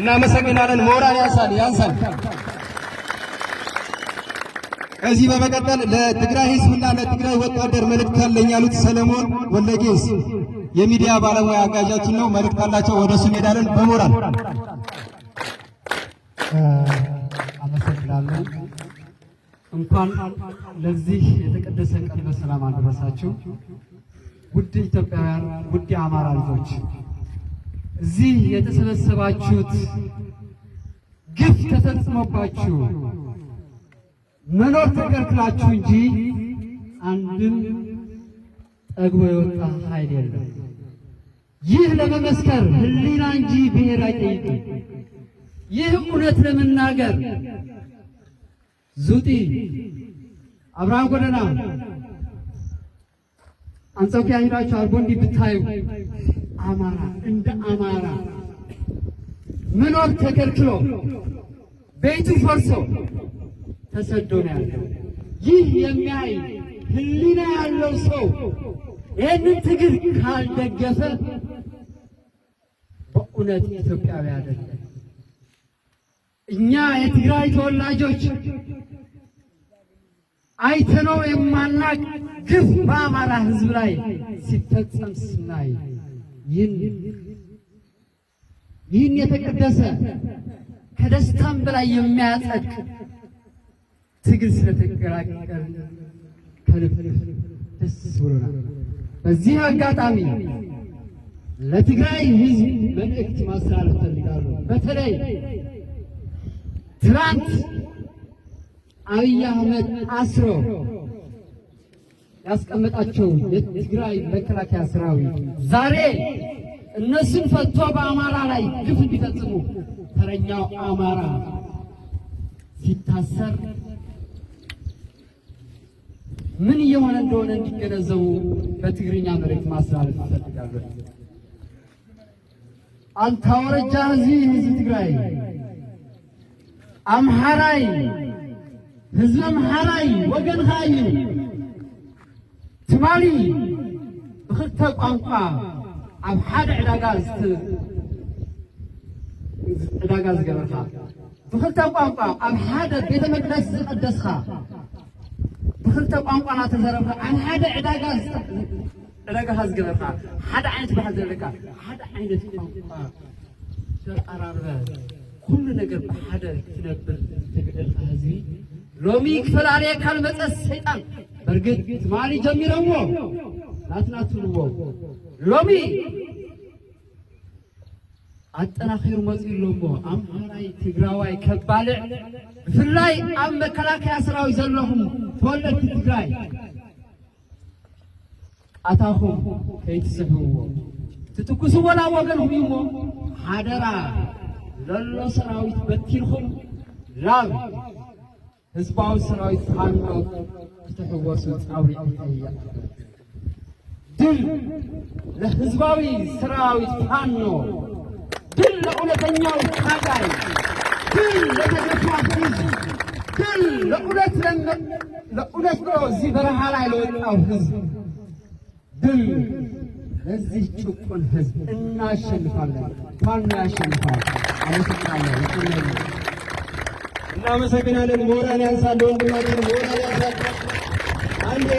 እናመሰግናለን። ሞራል ያንሳል ያንሳል። ከዚህ በመቀጠል ለትግራይ ህዝብና ለትግራይ ወታደር መልእክት አለኝ ያሉት ሰለሞን ወለጌስ የሚዲያ ባለሙያ አጋዣችን ነው። መልእክት አላቸው። ወደ እሱ እንሄዳለን። በሞራል አመሰግናለሁ። እንኳን ለዚህ የተቀደሰ ቀን በሰላም አደረሳችሁ። ውድ ኢትዮጵያውያን፣ ውድ አማራ ልጆች እዚህ የተሰበሰባችሁት ግፍ ተፈጽሞባችሁ መኖር ተከልክላችሁ እንጂ አንድም ጠግቦ የወጣ ኃይል የለም። ይህ ለመመስከር ህሊና እንጂ ብሔር አይጠይቅም። ይህ እውነት ለመናገር ዙጢ፣ አብርሃም ጎዳና፣ አንጾኪያ ሂዳችሁ አርጎ ብታዩ አማራ እንደ አማራ መኖር ተከልክሎ ቤቱ ፈርሶ ተሰዶ ነው ያለው። ይህ የሚያይ ህሊና ያለው ሰው ይህንን ትግል ካልደገፈ በእውነት ኢትዮጵያዊ አይደለም። እኛ የትግራይ ተወላጆች አይተነው የማናቅ ግፍ በአማራ ህዝብ ላይ ሲፈጸም ስናይ ይህን የተቀደሰ ከደስታም በላይ የሚያጠቅ ትግል ስለተቀላቀል ከልብ ደስ ብሎናል። በዚህ አጋጣሚ ለትግራይ ሕዝብ መልእክት ማስተላለፍ እፈልጋለሁ። በተለይ ትናንት አብይ አህመድ አስሮ ያስቀመጣቸው የትግራይ መከላከያ ሰራዊት ዛሬ እነሱን ፈቶ በአማራ ላይ ግፍ እንዲፈጽሙ ተረኛው አማራ ሲታሰር ምን እየሆነ እንደሆነ እንዲገነዘቡ በትግርኛ መልእክት ማስተላለፍ እፈልጋለሁ። አንታ ወረጃ ህዝቢ ህዝቢ ትግራይ አምሓራይ ህዝብ አምሓራይ ወገንኻ እዩ ትማሊ ብክልተ ቋንቋ ኣብ ሓደ ዕዳጋ ዕዳጋ ዝገበርካ ብክልተ ቋንቋ ኣብ ሓደ ቤተ መቅደስ ዝቀደስካ ብክልተ ቋንቋ እናተዘረብካ ኣብ ሓደ ዕዳጋ ዕዳጋካ ዝገበርካ ሓደ ዓይነት ባህል ዘለካ ሓደ ዓይነት ቋንቋ ዘቀራርበ ኩሉ ነገር ብሓደ ትነብር ትግዕልካ ህዝቢ ሎሚ ክፈላለየካ ንመፀስ ሰይጣን በእርግጥ ማሪ ጀሚረዎ ናትናትንዎ ሎሚ ኣጠናኺሩ መፂኡ ሎሞ ኣምሃራይ ትግራዋይ ከባልዕ ብፍላይ ኣብ መከላከያ ሰራዊት ዘለኹም ተወለድቲ ትግራይ ኣታኹም ከይትስሕብዎ ትትኩስዎ ናብ ወገንኹም እዩ እሞ ሓደራ ዘሎ ሰራዊት በቲልኹም ናብ ህዝባዊ ሰራዊት ፋኖ ክትሕወሱ ፃውዒ እያ ድል ለህዝባዊ ሰራዊት ፋኖ ድል ለእውነተኛው ታጋይ ድል ለተገፋት ህዝብ ድል ለእውነት ለእውነት ብሎ እዚህ በረሃ ላይ ለወጣው ህዝብ ድል ለዚህ ጭቁን ህዝብ እናሸንፋለን። ፋኖ ያሸንፋል። አመሰግናለሁ። እናመሰግናለን። ሞራል ያንሳል፣ ወንድማችን ሞራል ያንሳል። አንድ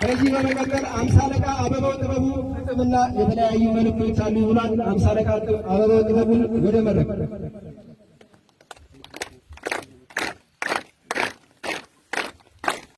ከዚህ በመቀጠል አምሳ አለቃ አበባው ጥበቡ ግጥምና የተለያዩ መልእክቶች አሉ ብሏል። አምሳ አለቃ አበባው ጥበቡን ወደ መድረክ